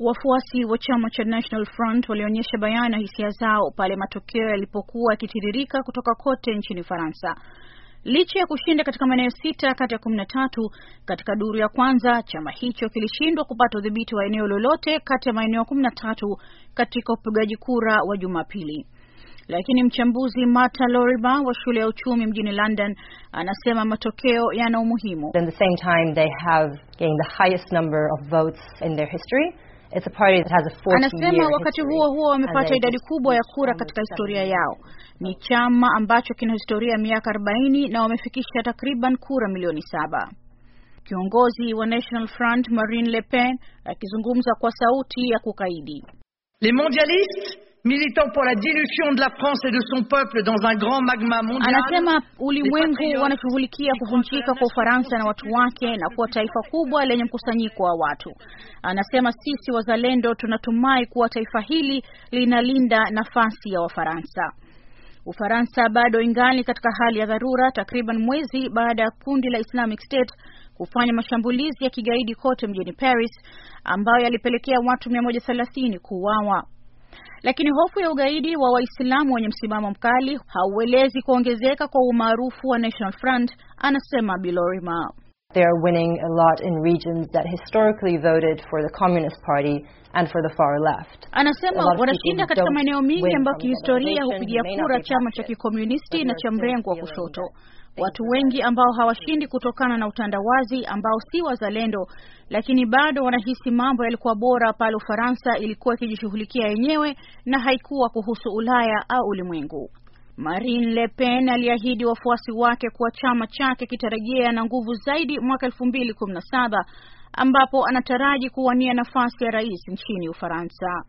Wafuasi wa chama cha National Front walionyesha bayana hisia zao pale matokeo yalipokuwa yakitiririka kutoka kote nchini Faransa. Licha ya kushinda katika maeneo sita kati ya kumi na tatu katika duru ya kwanza, chama hicho kilishindwa kupata udhibiti wa eneo lolote kati ya maeneo kumi na tatu katika upigaji kura wa Jumapili. Lakini mchambuzi Marta Loriba wa shule ya uchumi mjini London anasema matokeo yana umuhimu. At the same time they have gained the highest number of votes in their history anasema wakati huo huo wamepata idadi kubwa ya kura katika historia yao. Ni chama ambacho kina historia ya miaka 40 na wamefikisha takriban kura milioni saba. Kiongozi wa National Front Marine Le Pen akizungumza kwa sauti ya kukaidi. Les mondialistes militant pour la dilution de la France et de son peuple dans un grand magma mondial. Anasema ulimwengu wanashughulikia kuvunjika kwa Ufaransa na watu wake na kuwa taifa kubwa lenye mkusanyiko wa watu. Anasema sisi wazalendo tunatumai kuwa taifa hili linalinda nafasi ya Wafaransa. Ufaransa bado ingali katika hali ya dharura takriban mwezi baada ya kundi la Islamic State kufanya mashambulizi ya kigaidi kote mjini Paris ambayo yalipelekea watu 130 kuuawa. Lakini hofu ya ugaidi wa Waislamu wenye msimamo mkali hauelezi kuongezeka kwa umaarufu wa National Front, anasema Bilorima are winning a lot in regions that historically voted for the Communist Party and for the far left. Anasema wanashinda katika maeneo mengi ambayo kihistoria hupigia kura chama cha kikomunisti na cha mrengo wa kushoto. Watu wengi ambao hawashindi kutokana na utandawazi ambao si wazalendo, lakini bado wanahisi mambo yalikuwa bora pale Ufaransa ilikuwa ikijishughulikia yenyewe na haikuwa kuhusu Ulaya au ulimwengu. Marine Le Pen aliahidi wafuasi wake kuwa chama chake kitarejea na nguvu zaidi mwaka elfu mbili kumi na saba ambapo anataraji kuwania nafasi ya rais nchini Ufaransa.